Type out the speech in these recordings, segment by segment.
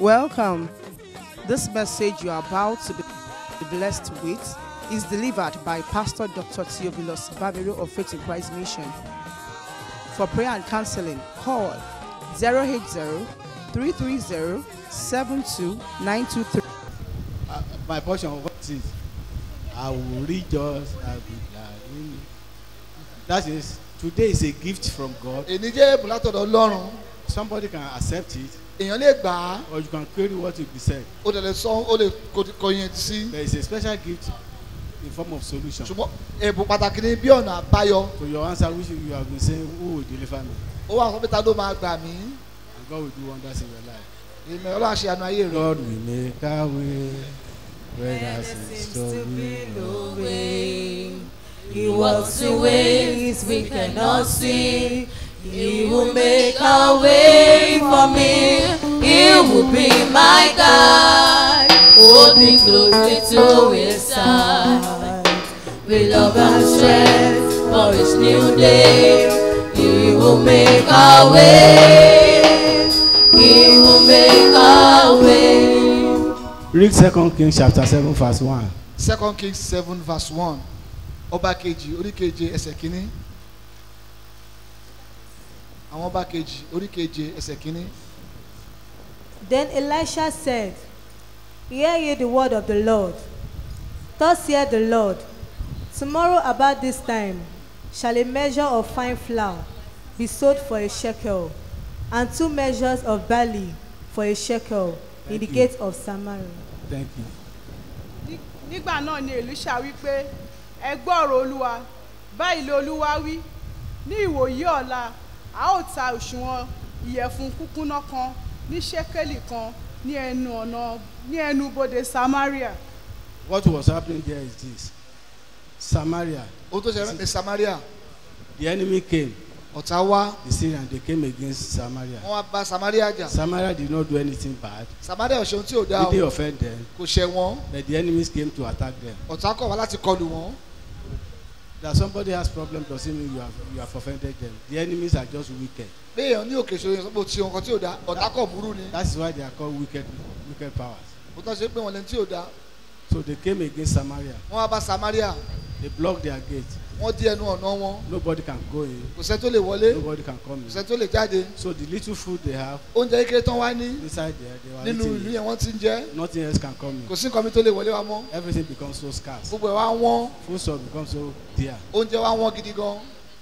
Welcome. This message you are about to be blessed with is delivered by Pastor Dr. Theophilus Bamiru of Faith in Christ Mission. For prayer and counseling, call 080 330 72923. Uh, my portion of what is I will read just that is today is a gift from God. Somebody can accept it èèyàn lè gbà á. or you can query what you be said. o lè sọ o lè kọyìn sí. there is a special gift in form of solution. ṣùgbọ́n ẹ̀bùn pàtàkì ni bí ọ̀nà àbáyọ. to your answer which you have been saying who will deliver me. ó wà fún mi ta ló máa gbà mí. and God will do wonders in your life. ìmọ̀ ọlọ́run ṣe àánú ayé rẹ. God will make our way where there seems to be no way. He walks away ways we cannot see. He will make a way for me. He will be my guide. Hold me closely to his side. With love and strength for his new day. He will make a way. He will make a way. Read Second Kings chapter 7 verse 1. Second Kings 7 verse 1. Ọba kejì orí keje ẹsẹ̀ kìíní àwọn ọba kejì orí keje ẹsẹ̀ kínní. Then Elisha said, Hear ye the word of the Lord. Thus saith the Lord, Tomorrow about this time shall a measure of fine flour be sold for a shekel, and two measures of barley for a shekel Thank in the you. gate of Samaria. Thank you. Nígbà náà ni Èlíṣà wí pé, Ẹ gbọ́ ọ̀rọ̀ Olúwa, báyìí lolúwa wí, ní ìwòyí ọ̀la a ó ta òṣùwọ̀n ìyẹ̀fun kúkúná kan ní ṣẹ́kẹ́lì kan ní ẹnu ọ̀nà ní ẹnu bodè Samaria. What was happening there is this Samaria. Ó tó ṣẹlẹ̀ ní Samaria. The enemy came. Ọ̀tá wá. The Syrians they came against Samaria. Wọ́n wá bá Samaria jà. Samaria did not do anything bad. Samaria ò ṣe tí ò dáa o. Did they offend them? Kò ṣẹ̀ wọ́n. But the enemies came to attack them. Ọ̀tá kọ̀ wá láti kọlù wọn that somebody has problem doesn't mean you have you have offended them the enemies are just wicked. béèyàn ní òkè ṣòro yẹn sọ́kò tí nǹkan tí ò da ọ̀tá kọ̀ burú ni. that is why they are called wicked wicked powers. bó tán ṣe pé wọn lẹ́ni tí ò da. so they came against Samaria. wọ́n wá bá Samaria. they blocked their gate wọ́n di ẹnu ọ̀nà wọn. nobody can go in. kò sẹ́ tó lè wọlé. nobody can come in. kò sẹ́ tó lè jáde. so the little food they have. oúnjẹ kékeré tán wá ní. inside there they were eating. nínú ìlú yẹn wọ́n ti ń jẹ. nothing else can come in. kò sí nǹkan mi tó lè wọlé wa mọ́. everything becomes so scarce. gbogbo ẹ̀ wá wọ́n. food stuff becomes so dear. oúnjẹ wá wọ́n gidi gan.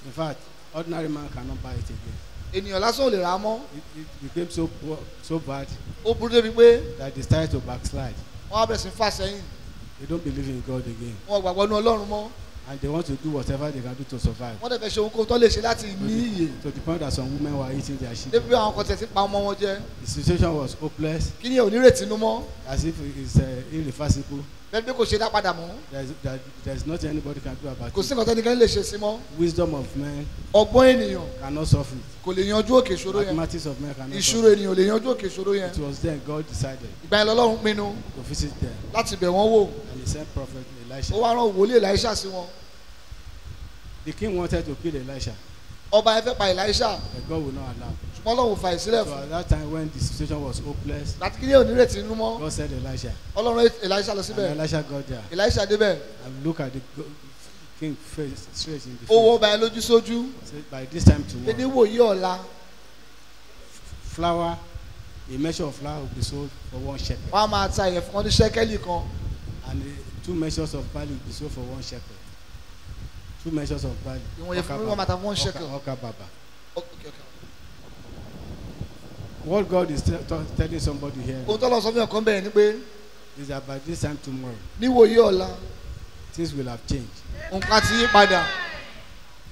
in fact ordinary man cannot buy it again. ènìyàn lásán ò lè rà á mọ́. it became so poor so bad. ó burú débi pé. that they started to backslide. wọ́n á bẹ̀ sí fà sẹ́yìn. they don't believe in God again. wọn gbàgbọ́ nínú Ọlọ́run mọ́ and they want to do whatever they can do to survive. wọ́n dẹ̀ fẹ́ ṣe ohunkóhun tó lè ṣe láti ní iye. to the point that some women were eating their children. débi àwọn kan tẹ̀sí pa ọmọ wọn jẹ. the situation was hopeless. kí ni onírètí nu mọ́. as if it's uh, irreversible. bẹ́ẹ̀ bí kò ṣe dá padà mọ́. there is nothing anybody can do about it. kò sí nǹkan tẹ́nikẹ́ni lè ṣe sí mọ́. wisdom of men. ọgbọ́n ènìyàn. cannot solve it. kò lè yanjú òkè ìṣòro yẹn. mathematics of men cannot solve it. ìṣòro ènìyàn lè yanjú òkè ìṣòro yẹn. it was then God decided. ìgbà yẹn lọ́lọ́run pinnu. to visit them. láti bẹ̀ wọ́n wò he sent prophet Elisha. ó wá rán wòlíì Elisha sí wọn. the king wanted to kill Elisha. ọba ẹ fẹ́ pa Elisha. but God will not allow. ṣùgbọ́n Ọlọ́run fà ìsílẹ̀ fún. so at that time when the situation was hopeless. láti kí ni ò ní retí inú mọ́. God sent Elisha. Ọlọ́run Elisha lọ síbẹ̀. and Elisha got there. Elisha débẹ̀. and look at the king face straight in the face. owó ọba ẹ lójú sójú. by this time tomorrow. dédé wòye ọ̀la. flour a measure of flour will be sold for one shekel. wọ́n á máa ta ìyẹ̀fun kan ní ṣẹ́kẹ́lì kan and two measures of barley be sold for one shekel two measures of barley ọkà bàbà ọkà bàbà. What God is telling somebody here. Ohun tó lọ sọ fún ọkàn bẹ́ẹ̀ ni pé. Is about this time tomorrow. Níwòye ọ̀la. Things will have changed. Nǹkan ti yí padà.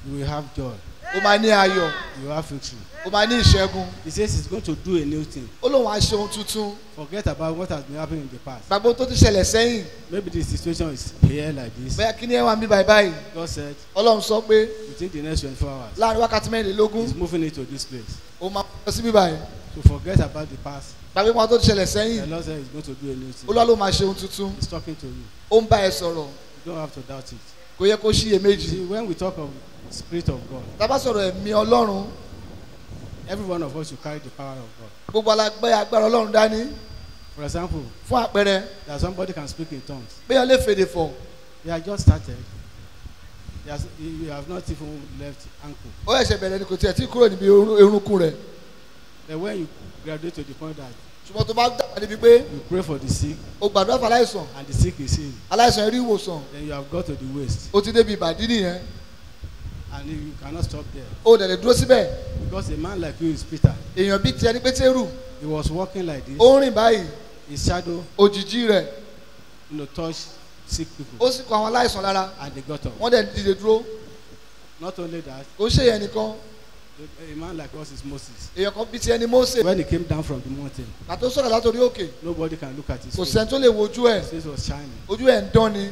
You will have joy. O máa ní ayọ̀. You will have victory o máa ní ìṣẹ́gun. he says he's going to do a new thing. ó lóun á ṣe ohun tuntun. forget about what has been happening in the past. gbàgbọ́ tó ti ṣẹlẹ̀ sẹ́yìn. maybe the situation is here like this. bóyá kí ni ẹ wá mi báyìí báyìí. God said. Ọlọ́run sọ pé. within the next twenty four hours. láàrin wákàtí mẹ́rìnlélógún. he's moving into this place. o máa lọ síbí báyìí. to forget about the past. gbàgbé wọn tó ti ṣẹlẹ̀ sẹ́yìn. the Lord said he's going to do a new thing. Olúwa ló máa ṣe ohun tuntun. he's talking to you. ó ń bá ẹ sọ̀rọ̀. you don't have to doubt it. kò yẹ kó ṣiyèméjì. see when we talk of spirit of God. tá ẹ̀mí Ọlọ́run every one of us should carry the power of God. gbogbo alágbé agbára ọlọ́run dání. for example. fún àpẹẹrẹ. that somebody can speak in tongues. bẹ́ẹ̀ lè fèdè fọ̀. they are just started. They you have not even left ankle. ó ẹ̀ṣẹ̀ bẹ̀rẹ̀ ni kò tiẹ̀ tí kúrò níbi erunkun rẹ̀. then when you graduate to the point that. ṣùgbọ́n tó bá dàgbà níbi pé. you pray for the sick. o gbàdúrà fún aláìsàn. and the sick is healed. aláìsàn rí ìwòsàn. then you have got to the waist. o ti débi ìbàdí nìyẹn and you cannot stop there. o dẹ̀ lè dúró síbẹ̀. because a man like you is Peter. èèyàn bíi tiẹ̀ ní pétérù. he was walking like this. ó ń rìn báyìí. his shadow. òjìji rẹ̀. you know touch sick people. ó sì kọ àwọn aláìsàn lára. and they got up. wọ́n dẹ̀ dìde dúró. not only that. ó ṣe yẹn nìkan. A man like us is Moses. Èèyàn kan bíi ti ẹni Moses. When he came down from the mountain. Kàtó sọ̀rọ̀ látòrí òkè. Nobody can look at his face. Kò sẹ́ni tó lè wojú ẹ̀. His face was shining. Ojú ẹ̀ ń dán ni.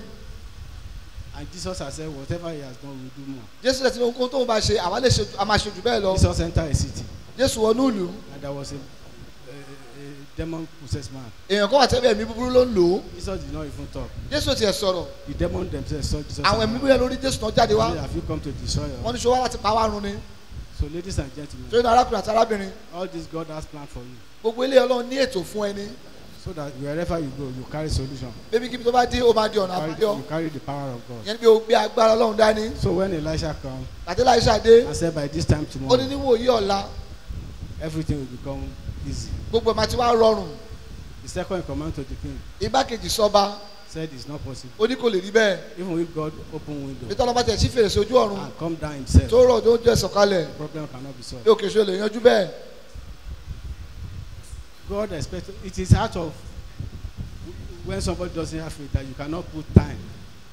And Jesus has said, whatever he has done, we do more. Jésù ṣe ti ohun tó ń bá ṣe, àwa lè ṣe a máa ṣe jù bẹ́ẹ̀ lọ. Jesus entered a city. Jésù wọnú ìlú. And there was a, a, a demon possessed man. Èèyàn kan wà tẹ́lẹ̀ ẹ̀mí búburú ló ń lò ó. Jesus did not even talk. Jésù tiẹ̀ sọ̀rọ̀. The demon themselves saw Jesus. Àwọn ẹ̀mí búburú lórí Jésù náà jáde wá. They have you come to destroy us. Wọ́n ní sọ wá láti pa wá run ni. So ladies and gentlemen. Sọ́yìn arákùnrin àti arábìnrin. All this God has planned for you. Gbogbo ilé Ọlọ́run ní ètò fún ẹni so that wherever you go you carry solution. bébí kíbi tó bá dé o máa di ọ̀nà àbáyọ. you carry the power of God. yẹn bí o gbé agbára Ọlọ́run dání. so when Elisha come. àti Elisha dé. I said by this time tomorrow. ó ní níwò yí ọ̀la. everything will become easy. gbogbo ẹ̀ máa ti rọrùn. the second command to the king. igbákejì sọba. said it's not possible. ó ní kò lè rí bẹ́ẹ̀. even if God open window. bí tọ́lọ́ba tẹ̀ sí fèrèsé ojú ọ̀run. and come down himself. tó rọ̀ tó jẹ́ sọ̀kalẹ̀. the problem cannot be solved. yóò kèsè lè yanjú bẹ́ẹ̀. God expects it is out of when somebody doesn't have faith that you cannot put time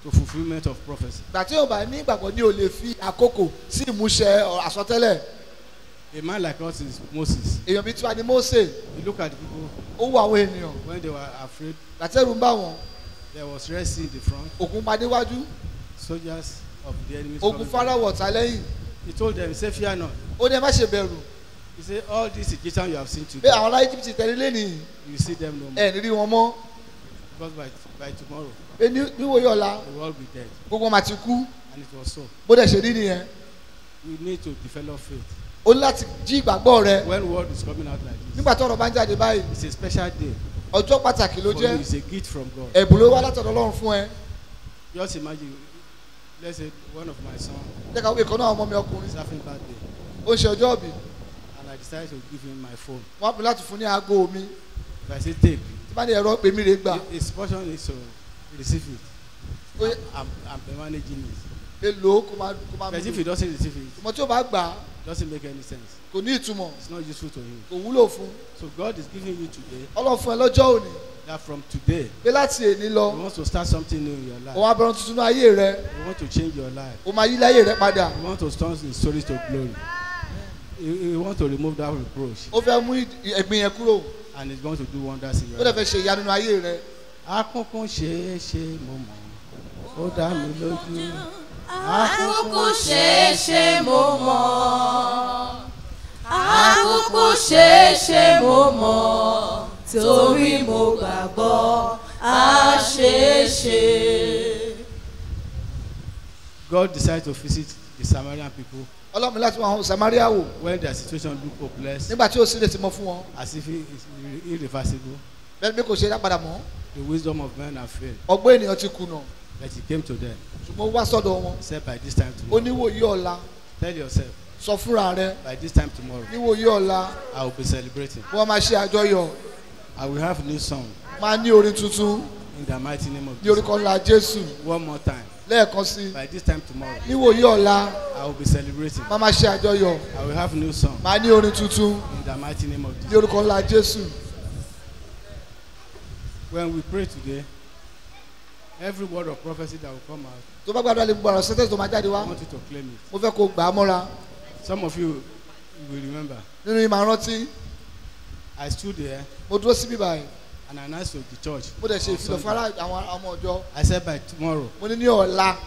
to fulfilment of prophecy. Gbà tí o bá ní ìgbàgbọ́ ní o lè fi àkókò sí ìmúṣẹ àsọtẹ́lẹ̀. A man like us is Moses. Èèyàn bíi tiwa ni Mose. You look at the people. Ó wo àwọn ènìyàn. When they were afraid. Gbàtẹ́rù ń bá wọn. There was Red Sea in the front. Òkun padé wájú. Soldiers of the enemy. Ogun Faraw ọ̀tá lẹ́yìn. He told them say fear not. Ó ní ẹ má ṣe bẹ̀rù he say all these egyptians you have seen today. bẹ́ẹ̀ àwọn ará egypt tẹ̀lé lé ní. you see them no more. ẹ̀ ní rí wọn mọ́. because by by tomorrow. pé ní níwòye ọ̀la. the world be dead. gbogbo ọmọ àti kú. and it was so. bó dẹ̀ ṣe rí nìyẹn. we need to develop faith. o ní láti jí ìgbàgbọ́ rẹ. when word is coming out like this. nígbà tí ọ̀rọ̀ bá ń jáde báyìí. it's a special day. ọjọ́ pàtàkì ló jẹ́. for you is a gift from God. ẹ̀bùn ló wá látọ̀dọ̀ Ọlọ́run fún ẹ. just imagine let's say one of my son. jẹ́ ká wọ́n kọ́ náà ọmọ mi ọkùnrin. serving birthday. ó ń ṣe ọjọ́ ọ̀bì. I decided to give him my phone. wọ́n pinnu láti fún ní aago mi. if I say take. tí bá ní ẹ̀rọ pè mí rè gbà. his portion is to receive it. I'm, I'm, I'm managing it. èlò kò máa kò máa. but if it doesn't receive it. ọmọ tí o bá gbà. doesn't make any sense. kò ní ìtumọ̀. it's not useful to him. kò wúlò fún. so God is giving you today. ọlọ́run fún ẹ lọ́jọ́ òní. that from today. pé láti èní lọ. you want to start something new in your life. òun abẹ́rẹ́ tuntun ayé rẹ. you want to change your life. o máa yí láyé rẹ padà. you want to turn the story to glory he he wants to remove that reproach. ó fẹ́ mú ẹ̀gbin yẹn kúrò. and he is going to do wonders in your ó dẹ̀ ṣe ìyanu ayé rẹ. akúnkún ṣeé mo mọ̀ ó dá mi lójú. akúnkún ṣeé mo mọ̀ akúnkún ṣeé mo mọ̀ torí mo gbàgbọ́ á God decided to visit the Samaritan people ọlọ́run láti wọn samaria wò. when their situation look hopeless. nígbà tí o sì lè mọ fún wọn. as if it is irreversible. bẹ́ẹ̀ bí kò ṣe dá padà mọ́. the wisdom of men are failed. ọgbọ́n ènìyàn ti kùnà. but he came to them. ṣùgbọ́n wá sọ́dọ̀ wọn. said by this time tomorrow. oníwòye ọ̀la. tell yourself. sọ fúnra rẹ. by this time tomorrow. níwòye ọ̀la. I will be celebrating. wọ́n máa ṣe àjọyọ̀. I will have new song. máa ní orin tuntun. in the mighty name of Jesus. ní orúkọ ńlá Jésù. one more time lẹ́ẹ̀kan sí. by this time tomorrow. níwòyí ọ̀la. I will be celebrating. máa ma ṣe àjọyọ̀. I will have new song. máa ní orin tuntun. in the mighty name of Jesus. ní orúkọ ńlá Jésù. when we pray today every word of prophecy that will come out. tó bá gbàdúrà lè gbọ́ ọ̀rọ̀ sẹ́tẹ̀sì tó máa jáde wá. I want you to claim it. mo fẹ́ kó gbà á mọ́ra. some of you will remember. nínú ìmọ̀ àrántí. I stood there. mo dúró síbí báyìí and I to the church. mo dẹ̀ ṣe ìfilọ̀ fún àwọn ọmọ ọjọ́. I said by tomorrow. mo ní ní ọ̀la.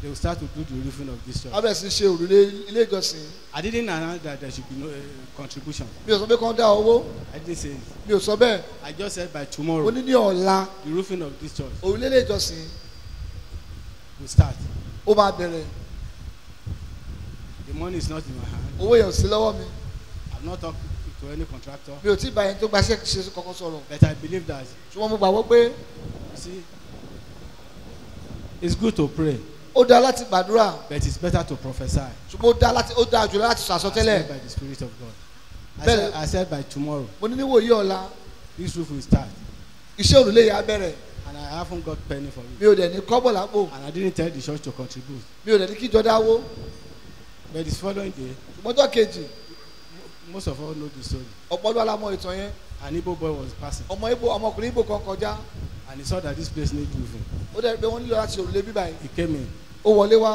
they will start to do the roofing of this church. abẹ́sí ṣe òrùlé ilé ìjọsìn. I didn't announce that there should be no uh, contribution. mi ò sọ pé kàn dá owó. I didn't say. mi ò sọ bẹ́ẹ̀. I just said by tomorrow. mo ní ní ọ̀la. the roofing of this church. òrùlé ilé ìjọsìn. will start. ó máa bẹ̀rẹ̀. the money is not in my hand. owó yẹn ò sí lọ́wọ́ mi. I not talked to any contractor. mi ò tí ì ẹni tó gba ṣe kọ́kọ́ sọ̀rọ̀. but I believe that. ṣùgbọ́n mo gbàgbọ́ pé. see it's good to pray. ó dáa láti gbàdúrà. but it's better to prophesy. ṣùgbọ́n ó dáa láti ó dáa jùlọ láti sọ I said by the spirit of God. I I said by tomorrow. mo ní níwò yí ọ̀la. this roof will start. iṣẹ́ òrùlé yà á bẹ̀rẹ̀. and I haven't got penny for it. mi ò dẹ̀ ní kọ́bọ̀ lápò. and I didn't tell the church to contribute. mi ò dẹ̀ ní kí ìjọ dáwó. but it's following day. ṣùgbọ́n ọjọ́ kejì most of all know the story. ọ̀pọ̀lọpọ̀ mọ ìtàn yẹn. an Igbo boy was passing. ọmọ Igbo ọmọkùnrin Igbo kan kọjá. and he saw that this place need moving. ó dẹ̀ pé wọ́n nílò láti òrùlé bíbá yìí. he came in. ó wọlé wá.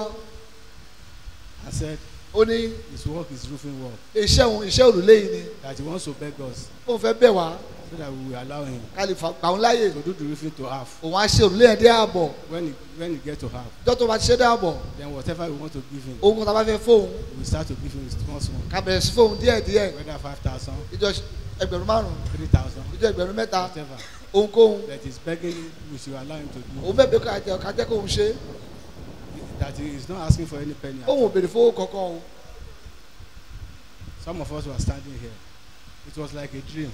I said. ó ní. his work is roofing work. iṣẹ́ òun iṣẹ́ òrùlé yìí ni. that he wants to beg us. ó fẹ́ bẹ̀ wá so that we allow him. kalifa gbàwọn láàyè. to do the roofing to half. òun á òrùlé yẹn dé àbọ̀. when he get to half. bá ṣe dé àbọ̀. then whatever we want to give him. tá bá fẹ́ fóun. we start to give him small fóun díẹ̀ díẹ̀. thousand. ìjọ ẹgbẹ̀rún márùn three thousand. ìjọ ẹgbẹ̀rún mẹ́ta. whatever. ohunkóhun. that is begging we should allow him to do. òun fẹ́ bí ká jẹ́ kóun ṣe. that he is not asking for any penny. ohun ò fowó kankan o. some of us were standing here it was like a dream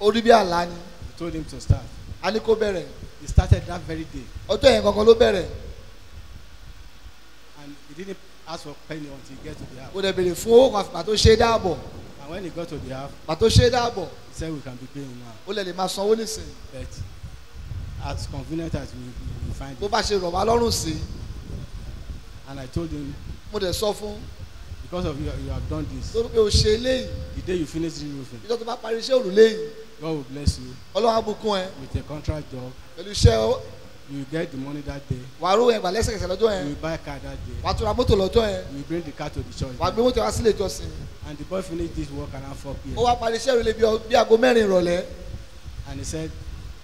orí bí àlá ni. he told him to start. a ní kó bẹ̀rẹ̀. he started that very day. ọjọ́ yẹn kankan ló bẹ̀rẹ̀. and he didn't ask for penny until he get to the house. ó dẹ̀ béèrè fún owó kan pàtó ṣe dáàbọ̀. and when he got to the house. pàtó ṣe dáàbọ̀. he said we can be paying now. ó lè lè máa sanwó nísìnyí. but as convenient as we we find it. bó bá ṣe rọ̀ wá lọ́rùn sí. and I told him. mo dẹ̀ sọ fún. because of you you have done this. lórí o ṣe eléyìí. the day you finish the roofing. ìjọba parí iṣẹ́ òrùlé yìí. God will bless you. Ọlọ́run á ẹ. With a contract job. Pẹ̀lú iṣẹ́ o. You get the money that day. Wàá rú ẹ̀gbà lẹ́sẹ̀kẹsẹ̀ lọ́jọ́ yẹn. You buy car that day. Wàá tura mọ́tò lọ́jọ́ yẹn. You bring the car to the church. Wàá gbé mọ́tò wá sílé ìjọsìn. And the boy finish this work around four pm. Ó wá parí iṣẹ́ rẹ̀ lé bí aago mẹ́rin ìrọ̀lẹ́. And he said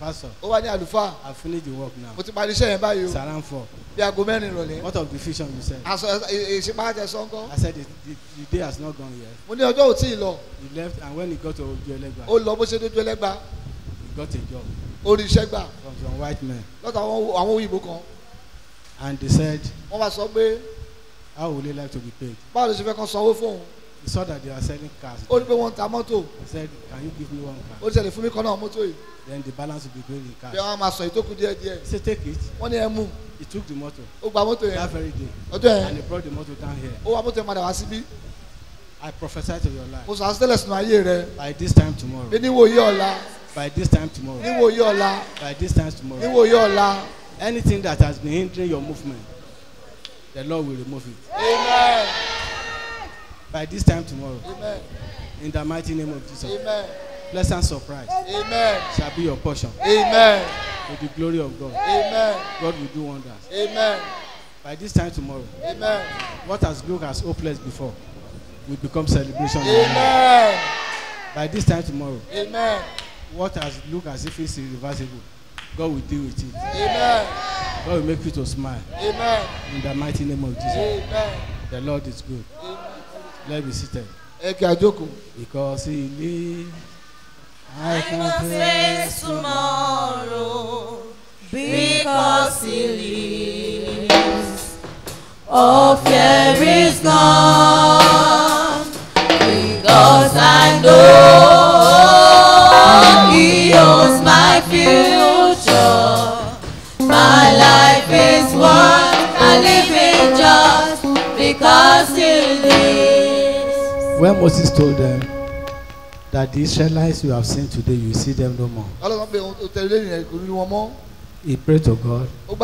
pastor ó wá ní àlùfáà i finish the work now mo ti parí iṣẹ́ yẹn báyìí o it's around four bí aago mẹ́rin ìrọ̀lẹ́ what of the vision you said aso ìṣípá jẹ sọ́ńkọ́ i said the, the, the day has not gone yet mo ní ọjọ́ ò tí ì lọ he left and when he got to ojú ẹlẹ́gbà ó lọ bó ṣe dojú ẹlẹ́gbà he got a job orí iṣẹ́ gbà from some white men lọ́tọ̀ àwọn àwọn òyìnbó kan and they said wọ́n bá sọ pé how would you like to be paid báwo ló ṣe fẹ́ kàn sanwó fún òun he saw that they are selling cars. ó ní pé wọ́n ń ta mọ́tò. he said can you give me one car. ó ṣẹlẹ̀ fún mi kan náà mọ́tò yìí. then the balance will be paid in cash. bí wọ́n máa sọ ìtókù díẹ̀ díẹ̀. he said take it. wọ́n ní ẹ mú. he took the motor. ó gba mọ́tò yẹn. that very day. ọjọ́ yẹn. and he brought the motor down here. ó wá mọ́tò yẹn padà wá síbí. I prophesy to your life. Mo sọ àsọtẹ́lẹ̀ sínú ayé rẹ. By this time tomorrow. Bí níwòye ọ̀la. By this time tomorrow. Níwòye ọ̀la. By this time tomorrow. Níwòye ọ̀la. Anything that has been hindering your movement, the Lord will remove it. Amen by this time tomorrow. Amen. In the mighty name of Jesus. Amen. Pleasant surprise. Amen. Shall be your portion. Amen. With the glory of God. Amen. God will do wonders. Amen. By this time tomorrow. Amen. What has looked as hopeless before will become celebration. Amen. By this time tomorrow. Amen. What has looked as if it's irreversible, God will deal with it. Amen. God will make you to smile. Amen. In the mighty name of Jesus. Amen. The Lord is good. Amen. Let me sit Ẹ kí a Because he lives. I can face tomorrow because he lives. All fear is gone because I know he owns my future. My life is worth living just because he lives. When Moses told them that the Israelites you have seen today, you see them no more. He prayed to God. And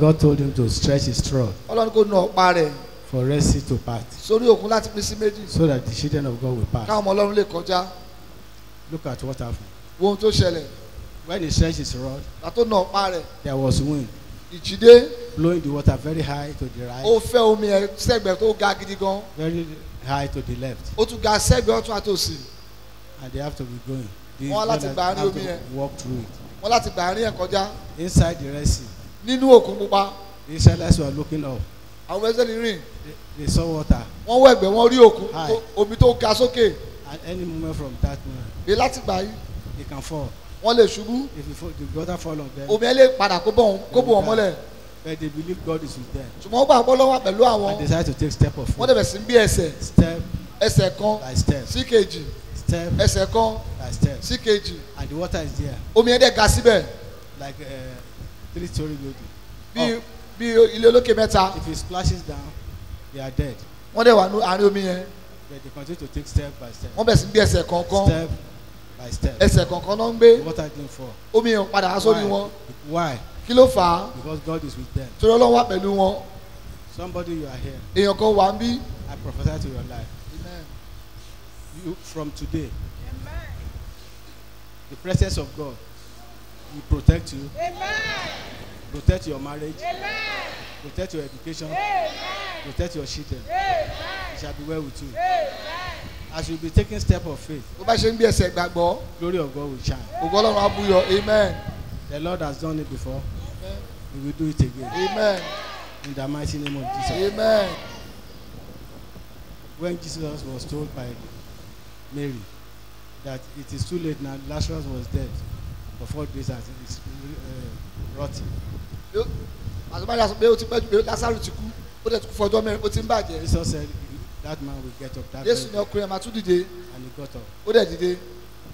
God told him to stretch his rod. For Red Sea to part. So that the children of God will pass. Look at what happened. When he stretched his rod. There was wind. Blowing the water very high to the right. Very high to the left. ó tún ga sẹ́gbẹ̀ẹ́ ọ̀tún àtòsí. and they have to be going. they wọ́n láti gbà àárín omi yẹn walk through it. wọ́n láti gbà àárín yẹn inside the red sea. nínú òkun pupa. the Israelites were looking up. àwọn ẹsẹ̀ ní rìn. they saw water. wọ́n wọ ẹ̀gbẹ́ wọ́n rí òkun omi tó ga sókè. at any moment from that moment. bí láti gbà yìí. they can fall. wọ́n lè ṣubú. if the water fall on them. omi ẹ lè padà kó bọ̀ wọ́n mọ́lẹ̀ but they believe God is with them. ṣùgbọ́n ó gbà pọ́ lọ́wọ́ pẹ̀lú àwọn. and decide to take step of faith. wọ́n dẹ̀ bẹ̀ sí bí ẹsẹ̀. step ẹsẹ̀ kan by step. sí kejì. step ẹsẹ̀ kan by step. sí kejì. and the water is there. omi ẹ̀dẹ̀ ga síbẹ̀. like uh, three story building. bí oh. bí ilé olókè mẹ́ta. if it splashes down they are dead. wọ́n dẹ̀ wà ní àárín omi yẹn. but they continue to take step by step. wọ́n bẹ̀ sí bí ẹsẹ̀ kankan. step by step. ẹsẹ̀ kankan náà ń gbé. the water clean for. omi yẹn padà sórí wọn. why? why? kí ló fà á. because God is with them. torí ọlọ́run pẹ̀lú wọn. somebody you are here. èèyàn kan wà bí. I prophesy to your life. Amen. you from today. Amen. the presence of God will protect you. Amen. protect your marriage. Amen. protect your education. Amen. protect your children. Amen. it shall be well with you. Amen. as you be taking step of faith. bó bá ṣe ń bí ẹsẹ̀ gbàgbọ́. glory of God will shine. ògbọ́n ọlọ́run á bú yọ amen. amen. The Lord has done it before. Amen. He will do it again. Amen. In the mighty name of Jesus. Amen. When Jesus was told by Mary that it is too late now, Lazarus was dead for four days and he is uh, rotting. àtúmọ̀lá sọ pé ó ti pẹ́ jù pé Lásárù ti kú ó Jesus said that man will get up that day. Yes, ní ọkùnrin ẹ̀ máa tún dìde. and he got up. ó dẹ̀ dìde.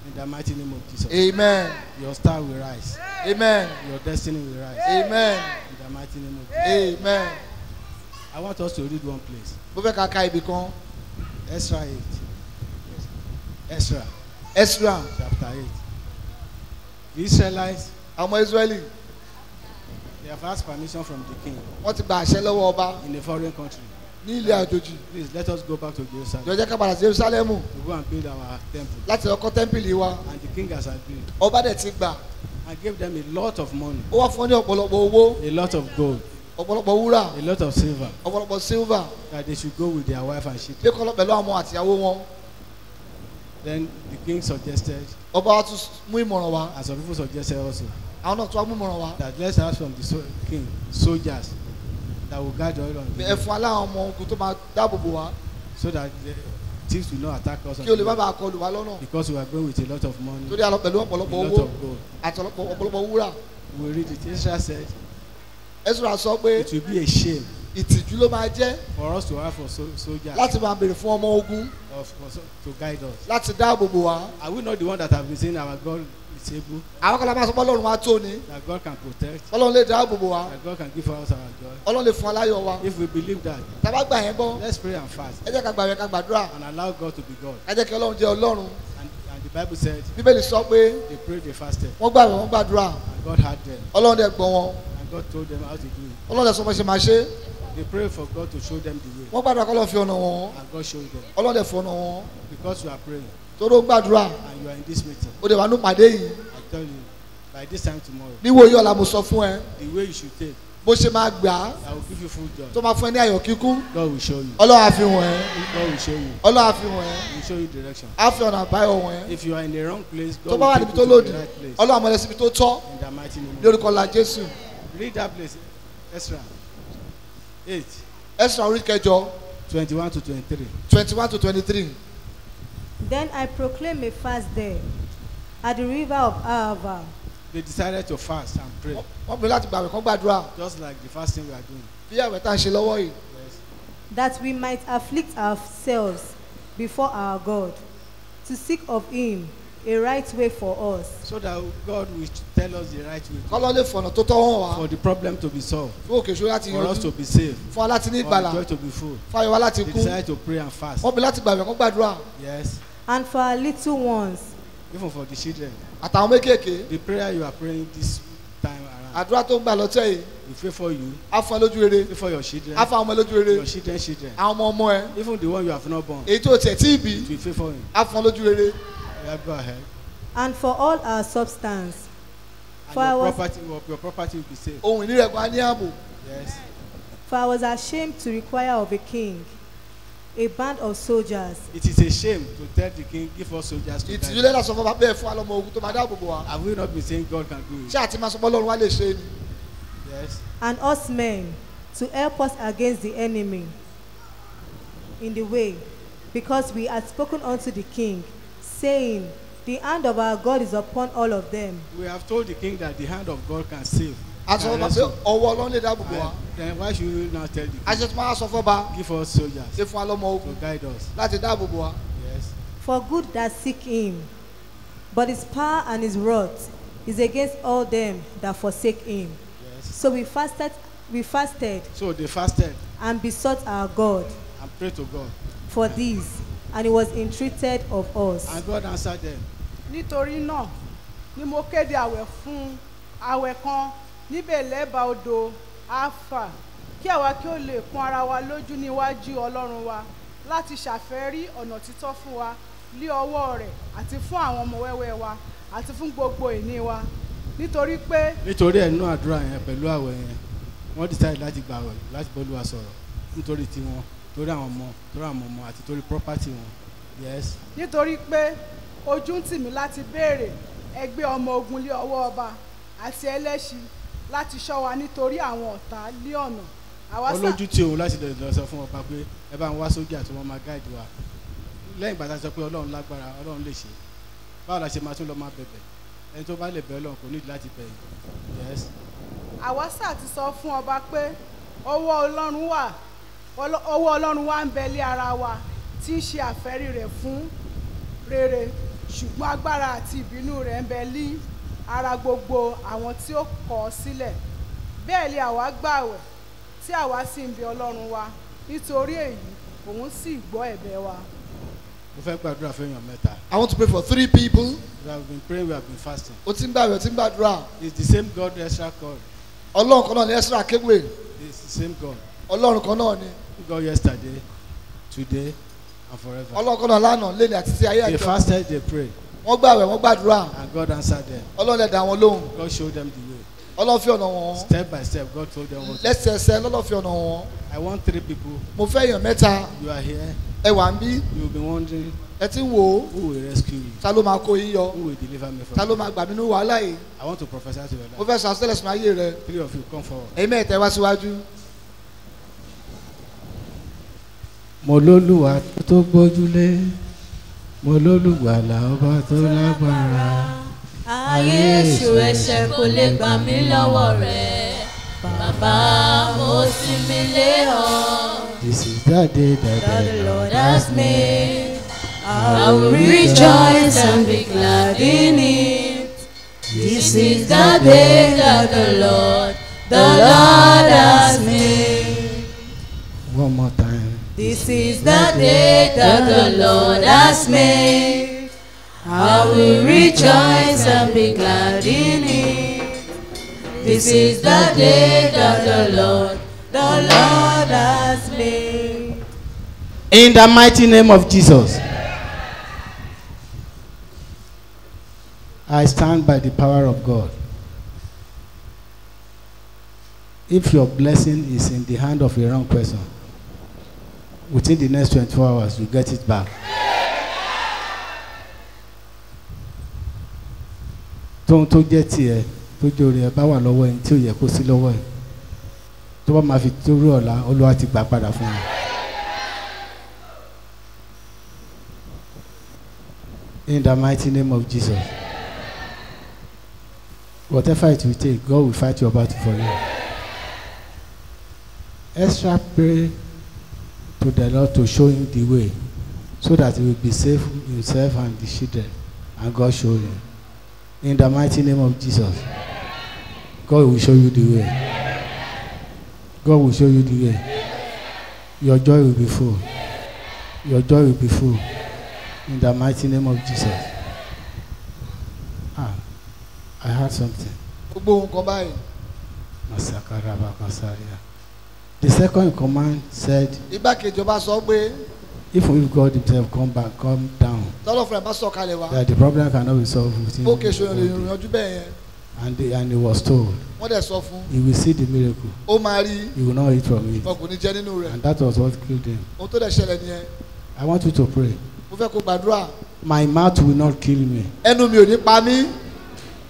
In the mighty name of Jesus. Amen. Your star will rise. Amen. Your destiny will rise. Amen. In the mighty name of Jesus. Amen. I want us to read one place. Mo fẹ́ ka ka ibi kan. Ezra eight. Ezra. Ezra. Chapter 8. The Israelites. Àwọn Israeli. They have asked permission from the king. What about gba àṣẹ In a foreign country ní ilé àjòjì. please let us go back to jerusalem. jọjẹ ká jerusalem. to go and build our temple. láti lọ kọ́ tẹ́ḿpìlì wa. and the king has agreed. ọba dẹ̀ ti gbà. I gave them a lot of money. ó wá fún ọ ní ọ̀pọ̀lọpọ̀ owó. a lot of gold ọ̀pọ̀lọpọ̀ wúrà. a lot of silver. ọ̀pọ̀lọpọ̀ silver. that they should go with their wife and children. bí pẹ̀lú àwọn àtìyàwó wọn. then the king suggested. ọba wa tún mú ìmọ̀ràn wá. and some people suggested also. àwọn náà tún wá mú ìmọ̀ràn wá. that let's ask from the king soldiers that will guide your children. ẹ̀fún aláwọn ọmọ ogun tó máa dáàbò bò wá. so that the thieves will not attack us. kí o lè má bàa kọlù wá lọ́nà. because we are going with a lot of money. torí àlọ́ pẹ̀lú ọ̀pọ̀lọpọ̀ owó àti ọ̀pọ̀lọpọ̀ wúrà. we read it Ezra said. Ezra sọ pé. it will be a shame. ìtìjú ló máa jẹ́. for us to have for so soldiers. láti máa béèrè fún ọmọ ogun. of course to guide us. láti dáàbò bò wá. are we not the one that have been saying our God àwọn kan la máa sọ bọ́lọ́run wa tó ni. that God can protect. lè dáàbò bò wa. that God can give us our joy. lè fún aláyọ̀ wa. if we believe that. gbà yẹn bọ́. let's pray and fast. ẹ jẹ́ ká gbàgbé ká gbàdúrà. and allow God to be God. ẹ jẹ́ kí Ọlọ́run jẹ́ Ọlọ́run. and the bible said. bíbélì sọ pé. they prayed they fasted. wọ́n gbàgbé wọ́n gbàdúrà. God heard them. Ọlọ́run dẹ̀ gbọ́ wọn. and God told them how to do Ọlọ́run dẹ̀ sọ bó ṣe máa ṣe. They pray for God to show them the way. Wọ́n gbàdúrà kọ́ lọ́ọ́ fi ọ̀nà wọn. And God shows them. wọn. Because you are praying tóró gbàdúrà o dẹ̀ wà nù pàdé yìí by this time tomorrow. ní wòye ọ̀la mo sọ fún ẹ. the way you should take. bó ṣe máa gbà á. I will give you full joy. tó máa fún ẹ ní ayọ̀ kíkún. God will show you. Ọlọ́run á fi wọ̀n ẹ́. God will show you. Ọlọ́run á fi wọ̀n ẹ́. He show you direction. á fi ọ̀nà àbáyọ wọ̀n ẹ́. if you are in the wrong place. God will take you the right place. Ọlọ́run á mú ẹ lọ síbi tó tọ́. in the mighty name of God. lórúkọ la Jésù. read that place Ezra eight. Ezra orí kẹjọ. twenty one to twenty three. twenty one to twenty three. Then I proclaim a fast there at the river of Ahava. They decided to fast and pray. Wọ́n bí láti gbàgbé kán gbàdúrà. Just like the fasting we are doing. Bí àwẹ̀ tá a ṣe lọ́wọ́ yìí. That we might afflict ourselves before our God to seek of Him a right way for us. So that God will tell us the right way. Kọ́lọ́ lè fọ̀nà tó tọ́ wọn wá. For the problem to be solved. Fún òkè ṣó láti yọjú. For us to be saved. Fún wa láti ní ìgbàlà. For the joy to be full. Fún ayọ̀ wa láti kú. They decide to pray and fast. Wọ́n bí láti gbàgbé kán gbàdúrà. Yes and for our little ones. even for the children. àtàwọn mékèèké. the prayer you are praying this time around. àdúrà tó ń gbà lọ́tẹ̀ yìí. we pray for you. a fún ẹ lójú rere. pray for your children. a fún àwọn ọmọ lójú rere. your children children. àwọn ọmọ ọmọ ẹ. even the one you have not born. èyí tó tẹ̀ tí ì we pray for him. a fún ọ lójú rere. and for all our substance. and for your property your, your property will be safe. ohun ìní rẹ̀ kò á ní ààbò. yes. for I was ashamed to require of a king a band of soldiers. It is a shame to tell the king give us soldiers to die. Ìtìjú lẹ́la sọ fún wa bẹ́ẹ̀ fún alọ́mọ ogun tó máa dáàbò bò wa. Have we not been saying God can do it? Ṣé àti máa sọ pé Ọlọ́run wa lè ṣe ni? Yes. And us men to help us against the enemy in the way because we had spoken unto the king saying the hand of our God is upon all of them. We have told the king that the hand of God can save asọfọba pé ọwọ́ ọlọ́run lè dáàbò bò then why should we not tell the people. aṣètùmọ̀ asọfọba. give us soldiers. ṣe fún more ogun. to guide us. láti dáàbò bò wá. yes. for good that seek him but his power and his wrath is against all them that forsake him. Yes. so we fasted we fasted. so they fasted. and besought our God. and pray to God. for yes. this and he was entreated of us. and God answered them. nítorí náà ni mo kéde àwẹ̀ fún àwẹ̀ kan níbẹ̀ lẹ́bàá odò áfà kí àwa kí ó lè pọ́n ara wa lójú níwájú ọlọ́run wa láti ṣàfẹ́rí ọ̀nà títọ́ fún wa lé ọwọ́ rẹ̀ àti fún àwọn ọmọ wẹ́wẹ́ wa àti fún gbogbo ìní wa nítorí pé. nítorí ẹ̀ nínú àdúrà yẹn pẹ̀lú àwẹ̀ yẹn wọ́n decide láti gbà wẹ̀ láti bá Olúwa sọ̀rọ̀ nítorí tiwọn torí àwọn ọmọ torí àwọn ọmọ àti torí property wọn yes. nítorí pé ojú ń tì mí láti béèrè ẹgbẹ́ ọmọ ogun lé ọwọ́ ọba àti ẹlẹ́ṣin láti ṣọ́ wa nítorí àwọn ọ̀tá lé ọ̀nà. olójú tí òun láti dẹ̀dẹ̀ sọ fún ọba pé ẹ bá ń wá sójà tí wọ́n máa gáàdì wa lẹ́yìn ìgbà tá a sọ pé ọlọ́run lágbára ọlọ́run lè ṣe báwo la ṣe máa tún lọ máa bẹ̀bẹ̀ ẹni tó bá lè bẹ̀ ọlọ́run kò nídìí láti bẹ̀ yẹn. àwásà ti sọ fún ọba pé ọwọ́ ọlọ́run wà ọwọ́ ọlọ́run wà ń bẹ ara wa tí í ṣe àfẹ́rí rẹ̀ fún rere ṣùgbọ́n agbára àti ìbínú rẹ̀ ń bẹ ara gbogbo àwọn tí ó kọ ọ sílẹ̀ bẹ́ẹ̀ lé àwa gbààwẹ̀ tí àwa sì ń bẹ ọlọ́run wa nítorí èyí òun sì gbọ́ ẹ̀bẹ̀ wa. mo fẹ́ gbàdúrà fún èèyàn mẹ́ta. I want to pray for three people. we have been praying we have been fasting. o ti ń gbààwẹ̀ o ti ń gbàdúrà. it's the same God Ezra called. ọlọ́run kan náà ni Ezra kéwèé. it's the same God. ọlọ́run kan náà ni. God yesterday today and forever. ọlọ́run kan náà lánàá lẹ́nu àti ti ayé àjọ. they fasted they prayed wọ́n gbàwẹ̀ wọ́n gbàdúrà. and God answered them. ọlọ́run lè dá wọn lóhùn. God showed them the way. ọlọ́run fi ọ̀nà wọn. step by step God told them what. lẹ́sẹẹsẹ ọlọ́run fi ọ̀nà wọn. I want three people. mo fẹ́ èèyàn mẹ́ta. you are here. ẹ wà ń bí. you will be wondering. ẹ ti ń who will rescue me. ta ló máa kó yín who will deliver me from. ta ló máa gbà mí nínú wàhálà yìí. I want to prophesy to your life. mo fẹ́ sọ àṣẹ lẹ́sùn ayé rẹ. three of you come forward. ẹ̀yin mẹ́ẹ̀ẹ́tẹ̀ wá síwájú. mo lólùwà tó gbójúlé. tó lágbára. ayé èṣù ẹ̀ṣẹ̀ kò lè gbà mí lọ́wọ́ rẹ̀ bàbá mo sì mí lé ọ. This is the day that the Lord has made. I will rejoice and be glad in it. This is the day that the Lord, the Lord has This is the day that the Lord has made. I will rejoice and be glad in it. This is the day that the Lord, the Lord has made. In the mighty name of Jesus. I stand by the power of God. If your blessing is in the hand of a wrong person, within the next 24 hours, you get it back. tóun tó jẹ́ tiẹ̀ tó jóore ẹ bá wà lọ́wọ́ ẹni tí ò yẹ kó sí lọ́wọ́ ẹ tó bá máa fi torí ọ̀la olúwa ti gbà padà fún ẹ. In the mighty name of Jesus. Whatever it will take, God will fight your battle for you. Extra prayer to the Lord to show him the way so that he will be safe himself and the children and God show you In the mighty name of Jesus, God will show you the way. God will show you the way. Your joy will be full. Your joy will be full. In the mighty name of Jesus. Ah, I heard something. Masakara Bakasaria. The second command said. Igbákejì ọba sọ pé. If we God himself come back come down. Tọ́lọ̀ fún ẹ̀ bá sọ̀ kalẹ̀ wá. That the problem cannot be solved within. Bókè ṣe ìrìnàjò bẹ́ẹ̀ yẹn. And they, and he was told. Wọ́n dẹ̀ sọ fún. He will see the miracle. Ó máa rí. He will not eat from it. Ọkùnrin jẹ nínú rẹ̀. And that was what killed him. Ohun tó dẹ̀ ṣẹlẹ̀ nìyẹn. I want you to pray. Mo fẹ́ kó gbàdúrà. My mouth will not kill me. Ẹnu mi ò ní pa mí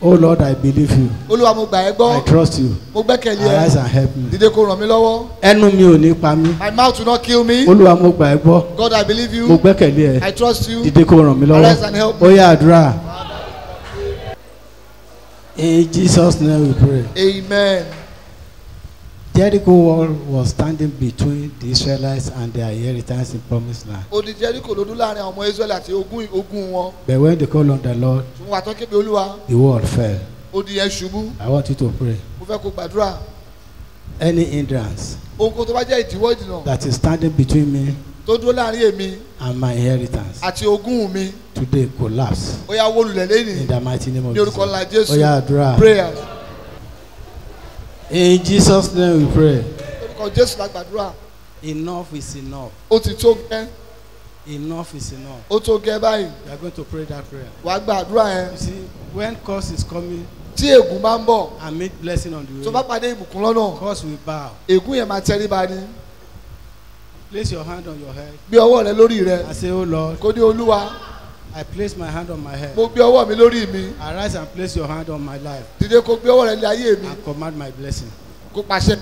oh lord i believe you. olúwa mo gbà ẹ́ gbọ́. i trust you. mo gbẹ́kẹ̀lé ẹ. arise and help me. dìde kó ràn mí lọ́wọ́. ẹnu mi ò ní pa mí. my mouth will not kill me. olúwa mo gbà ẹ́ gbọ́. god i believe you. mo gbẹ́kẹ̀lé ẹ. i trust you. dìde kó ràn mí lọ́wọ́. arise and help me. ó àdúrà. in jesus name we pray. amen. Jericho wall was standing between the Israelites and their inheritance in promised land. Odi Jericho ló dún láàrin ọmọ Israel àti ogún ogún wọn. But when they called on the Lord. Fún wa tó képe Olúwa. The wall fell. Odi yẹn ṣubú. I want you to pray. Mo fẹ́ kó gbàdúrà. Any hindrance. Ohun tó bá jẹ́ ìdíwọ́ ìdènà. That is standing between me. Tó dúró láàrin èmi. And my inheritance. Àti ogún mi. Today collapse. Ó yá wólulẹ̀ lẹ́yìn. In the mighty name of Jesus. Ní orúkọ ńlá Jésù. Ó yá àdúrà. Prayer. In Jesus' name we pray. Orúkọ Jésù la Enough is enough. Ó ti tó gẹ́. Enough is enough. Ó tó gẹ́ báyìí. You are going to pray that prayer. Wà á gbàdúrà yẹn. You see when curse is coming. Tí ègún bá ń bọ̀. And meet blessing on the way. Tó bá pàdé ìbùkún lọ́nà. Curse will bow. Ègún yẹn máa tẹríba ni. Place your hand on your head. Gbé ọwọ́ rẹ lórí rẹ. I say, O oh Lord. Kó ní Olúwa. I place my hand on my head. Mo gbé ọwọ́ mi lórí mi. Arise and place your hand on my life. Dìde kó gbé ọwọ́ rẹ lé ayé mi. And command my blessing. Kó pàṣẹ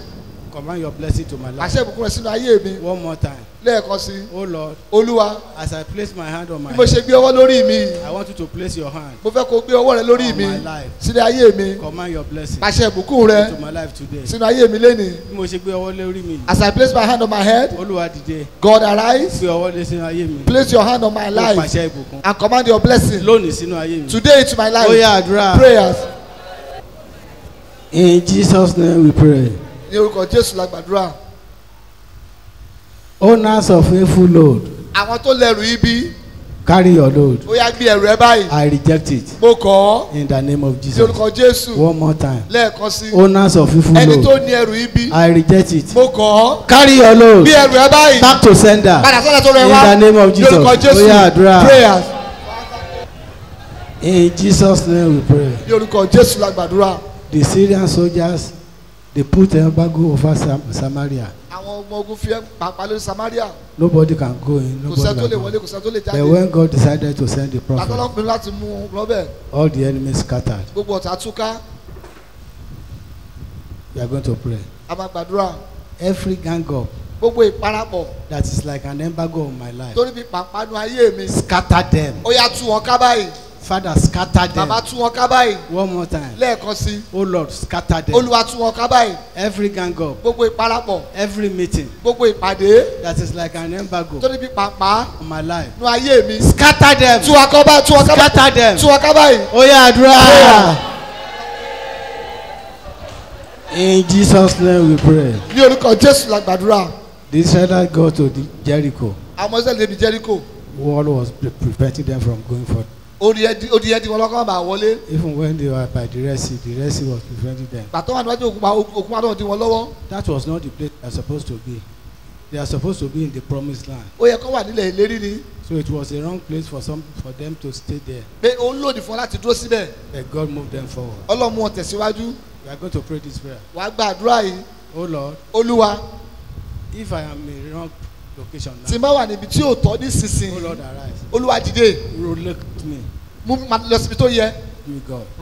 command your blessing to my life. àṣẹ ìbùkún rẹ sínú ayé mi. one more time. lẹ́ẹ̀kan sí. o oh lord. olúwa. as i place my hand on my. bí mo ṣe gbé ọwọ́ lórí mi. i want you to place your hand. mo fẹ́ kó gbé ọwọ́ rẹ lórí mi. on my life. sínú ayé mi. command your blessing. àṣẹ ìbùkún rẹ. to my life today. sínú ayé mi lénìí. mo ṣe gbé ọwọ́ lórí mi. as i place my hand on my head. olúwa dìde. god arise. gbé ọwọ́ lé sínú ayé mi. place your hand on my life. o pàṣẹ ìbùkún. and command your blessing. lónìí sínú ayé mi. today to my life. ó yá prayers. In Jesus' name we pray ní orúkọ Jésù la gbàdúrà. owners of evil load. àwọn tó lẹ́rù ibi. carry your load. ó yá gbé ẹrù ẹ báyìí. I reject it. mo kọ̀ in the name of Jesus. ní orúkọ Jésù. one more time. lẹ́ẹ̀kan sí. owners of evil load. ẹni tó ní ẹrù ibi. I reject it. mo kọ̀ carry your load. gbé ẹrù ẹ báyìí. back to sender. padà sọ́dọ̀ tó rẹ wá. in the name of Jesus. ní orúkọ Jésù. ó yá prayers. In Jesus' name we pray. Ní orúkọ Jésù la The Syrian soldiers They put an embargo over Sam Samaria. Àwọn ọmọ ogun fi pàápàá lórí Samaria. Nobody can go in. Nobody can go. Kò sẹ́ tó lè wọlé, kò sẹ́ tó lè jáde. But when God decided to send the prophet. Àtọ́lọ́ pinnu láti mú un lọ́bẹ̀. All the enemies scattered. Gbogbo ọ̀tá túká. We are going to pray. A máa gbàdúrà. Every gang up. Gbogbo ìparapọ̀. That is like an embargo on my life. Torí bí pàpánu ayé mi. Scatter them. Ó yá tú wọn ká báyìí father scatter them. bàbá tú wọn ká báyìí. one more time. lẹ́ẹ̀kan sí. o oh lord scatter them. olúwa tú wọn ká báyìí. every gang up. gbogbo ìparapọ̀. every meeting. gbogbo ìpàdé. that is like an embargo. tó níbi pàpà. on my life. nu ayé mi. scatter them. tú wọn ká báyìí. tú wọn ká báyìí. scatter them. tú wọn ká báyìí. ó oh àdúrà. Oh in jesus name we pray. ní orúkọ jésù la gbàdúrà. the israelites go to jericho. àwọn israelites dey be jericho. war was preventing them from going for? odiẹ tí wọn lọ́kọ́ bá wọlé. even when they were by the Red the Red was preventing them. pàtó wọn àti òkun àdó ti wọn lọ́wọ́. that was not the place they are supposed to be they are supposed to be in the promised land. ó yẹ kó wà nílẹ̀ ìlérí ni. so it was the wrong place for some for them to stay there. pé ó ń lòdì fún láti dúró síbẹ̀. but God moved them forward. ọlọ́mú wọn tẹ̀síwájú. we are going to pray this prayer. wàá gbàdúrà yìí. oh Lord. olúwa. if I am a wrong tí n bá wà níbi tí yóò tọ́ nísinsìnyí oh olúwa dìde mú lọ síbi tó yẹ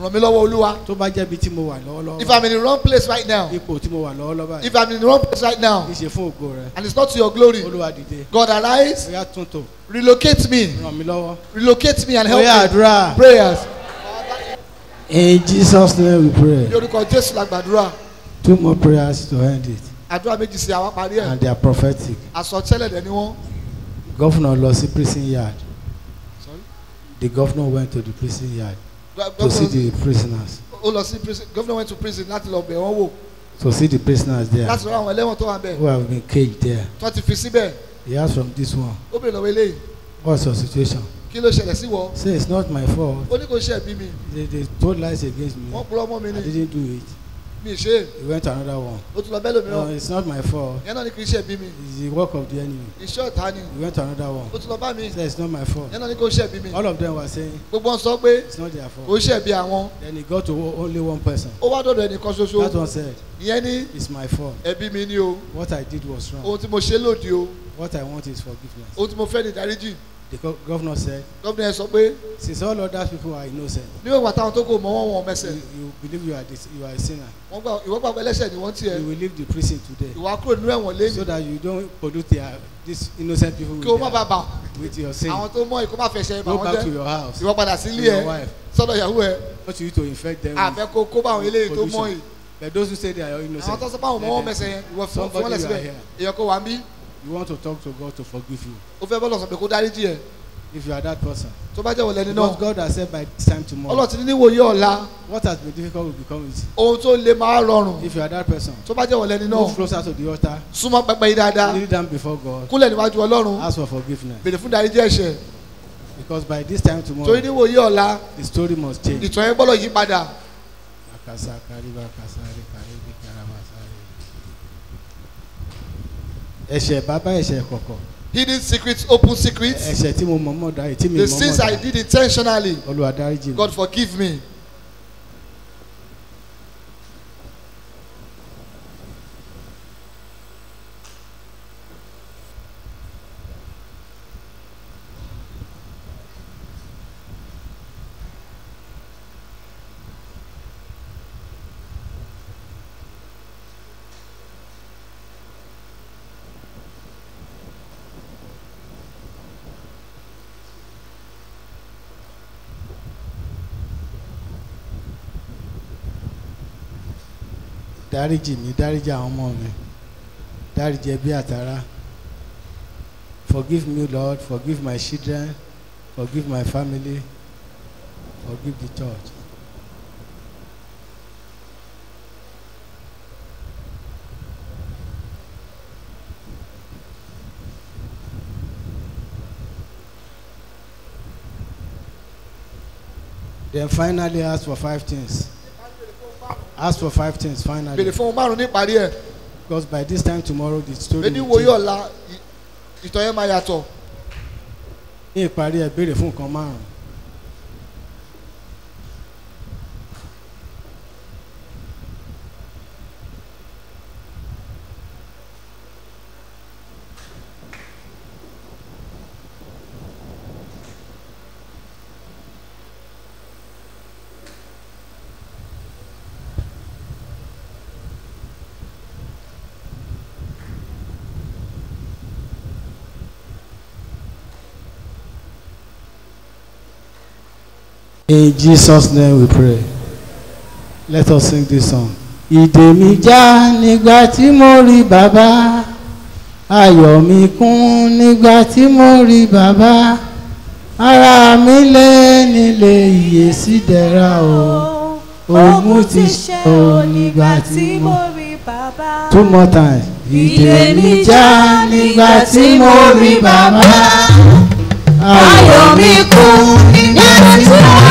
ràn mí lọ́wọ́ olúwa. tó bá jẹ́ ibi tí mo wà lọ́wọ́lọ́wọ́. if i'm in the wrong place right now. ipò tí mo wà lọ́wọ́lọ́wọ́ báyìí. if i'm in the wrong place right now. kì fún ògo rẹ. and it's not to your glory. olúwa dìde. God arise. oya tuntun. relocate me. ràn mí lọ́wọ́. relocate me and help me. oya àdúrà. prayers. in Jesus name we pray. ní Jésù la two more prayers to end it àdúrà méjì sí àwa parí ẹ̀. and they are prophetic. àsọtẹ́lẹ̀ dẹ̀ ni wọ́n. governor lọ sí prison yard. sorry. the governor went to the prison yard. to see the prisoners. ó lọ sí prison governor went to prison láti lọ bẹ̀ wọ́n wò. to see the prisoners there. láti lọ àwọn ẹlẹ́wọ̀n tó wà bẹ́ẹ̀. who have been caged there. tó ti fi síbẹ̀. he asked from this one. ó bèrè lọ́wọ́ eléyìí. what's your situation? kí ló ṣẹlẹ̀ sí wọ. say it's not my fault. ó ẹ̀bí mi. they they told lies against me. wọ́n purọ́ mọ́ mi ni. I didn't do it mi ṣe. he went to another one. ó tún lọ bẹ́ẹ̀ lómìíràn. no it's not my fault. yẹn náà ni kì í ṣe bí mi. it's the work of the enemy. iṣẹ́ ọ̀tá ni. he went to another one. ó tún lọ bá mi. he said it's not my fault. yẹn náà ni kò ṣe bí mi. all of them were saying. gbogbo wọn sọ pé. it's not their fault. kò ṣe bí àwọn. then he got to only one person. ó wá dọ̀dọ̀ ẹnìkan ṣoṣo. that one said. ìyẹn ni. it's my fault. ẹbí mi ni o. what I did was wrong. ohun tí mo ṣe lòdì o. what I want is forgiveness. ohun tí mo fẹ́ ni ìdáríjì the governor said. governor sọ pé. since all other people are innocent. níwọ̀n ìgbà táwọn tó kò mọ wọn wọn mẹsẹ̀. you believe you are the you are a sinner. wọ́n gbà ìwọ gbàgbọ́ ẹlẹ́sẹ̀ ni wọ́n tiẹ̀. you will leave the prison today. ìwà kúrò nínú ẹ̀wọ̀n lẹ́yìn. so that you don't pollute their these innocent people. kí o má bàa with your sin. àwọn tó mọ ìkó má fẹsẹ̀ ìbàwọ́n jẹ́. go back to your house. ìwọ padà sí ẹ. to your wife. sọ́dọ̀ ìyàwó ẹ. not you to infect them. àfẹ́ kó kó bá eléyìí tó mọ yìí. but those who say they are innocent. àwọn tó sọ you want to talk to God to forgive you. o fẹ́ bọ́lọ̀ sọ pé kó dáríjì ẹ. if you are that person. tó bá jẹ́ wọlé nínú. because God has said by this time tomorrow. ọlọ́ọ̀tì ní níwòye ọ̀la. what has been difficult will become easy. ohun tó lè máa rọrùn. if you are that person. tó bá jẹ́ wọlé nínú. move closer to the altar. súnmọ́ pẹpẹ yìí dáadáa. kneel down before God. kúnlẹ̀ níwájú Ọlọ́run. ask for forgiveness. béèrè fún dáríjì ẹ̀ṣẹ̀. because by this time tomorrow. torí níwòye ọ̀la. the story must change. ìtàn yẹn gbọ́dọ̀ yí padà. àkàsà kárìbà kàsárì. ẹ̀ṣẹ̀ bàbá ẹ̀ṣẹ̀ kọ̀kọ̀. hidden secrets open secrets. ẹ̀ṣẹ̀ tí mo mọ̀ mọ̀ dá ètí mi mọ̀ mọ̀ dá. the sins I did intentionally. Olúwa dáríjì God forgive me. dáríjì mi dáríjì àwọn ọmọ mi dáríjì ẹbí àtàrà forgive me lord forgive my children forgive my family forgive the church. Then finally ask for five things ask for five things finally. béèrè fún márùn ní ìparí ẹ. because by this time tomorrow the story. ẹni wo yóò la ìtọ̀ máa yàtọ̀. ní ìparí ẹ béèrè fún nǹkan márùn. In Jesus' name we pray. Let us sing this song. Ìdè mi já nígbà tí mo rí bàbá. Ayọ̀ mi kún nígbà tí mo rí bàbá. Ara mi lé nílé ìyè sí dẹ̀ra o. Ogun ti ṣe o nígbà tí mo rí bàbá. Two more times. Ìdè mi já nígbà tí mo rí bàbá. Ayọ̀ mi kún nígbà tí mo rí bàbá.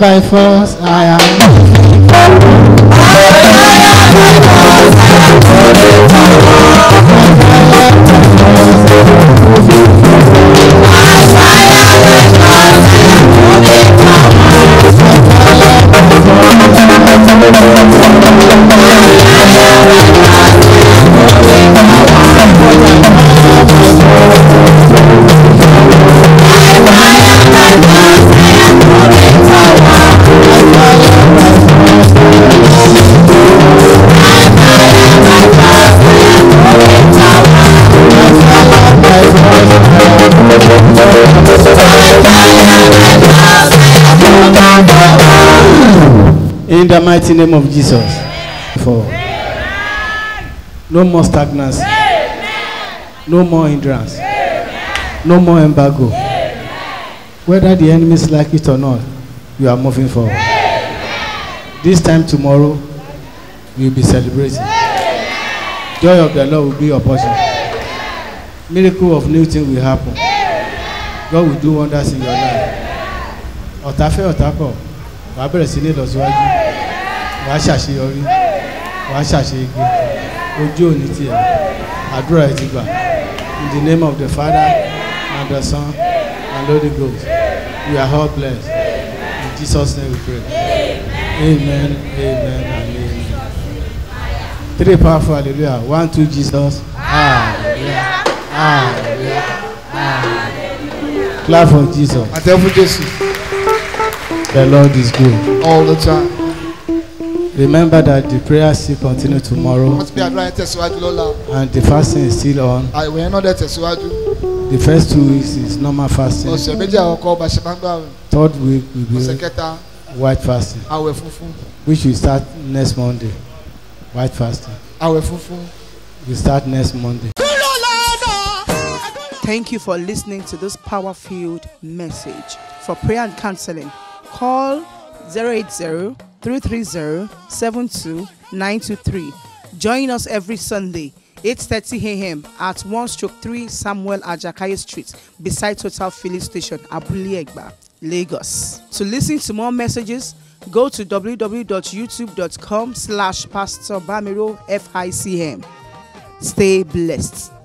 by force I am. In the mighty name of Jesus. For no more stagnancy. No more hindrance. No more embargo. Whether the enemies like it or not, you are moving forward. This time tomorrow, we will be celebrating. Joy of the Lord will be your portion. Miracle of new things will happen. God will do wonders in your life. Otafe otapo, ọ̀tá kọ̀, wàá bẹ̀rẹ̀ wà á ṣàṣeyọrí wà á ṣàṣeyege ojú òní tiẹ̀ àdúrà ẹ̀ ti gbà in the name of the Father and the Son and the Holy Ghost we are all blessed in Jesus name we pray amen amen and amen three powerful hallelujah one two Jesus hallelujah hallelujah hallelujah clap for Jesus. àtẹ̀fún Jésù. The Lord is good. All the time. Remember that the prayer still continue tomorrow. Wọ́n ti bí àdúrà yẹn And the fasting is still on. Àìwẹ̀ yẹn náà dẹ̀ tẹ̀síwájú. The first two weeks is normal fasting. Ọ̀sẹ̀ méjì àkọ́kọ́ ọba ṣe máa ń gbà. Third week will be white fasting. Àwẹ̀ funfun. Which we start next Monday. White fasting. Àwẹ̀ funfun. We start next Monday. Thank you for listening to this power field message. For prayer and counseling, call 080 330 72923. Join us every Sunday. 8.30 a.m. at 1 stroke 3 Samuel Ajakaye Street beside Total Philly Station, Abuli Egba, Lagos. To listen to more messages, go to www.youtube.com slash Pastor Bamiro FICM. Stay blessed.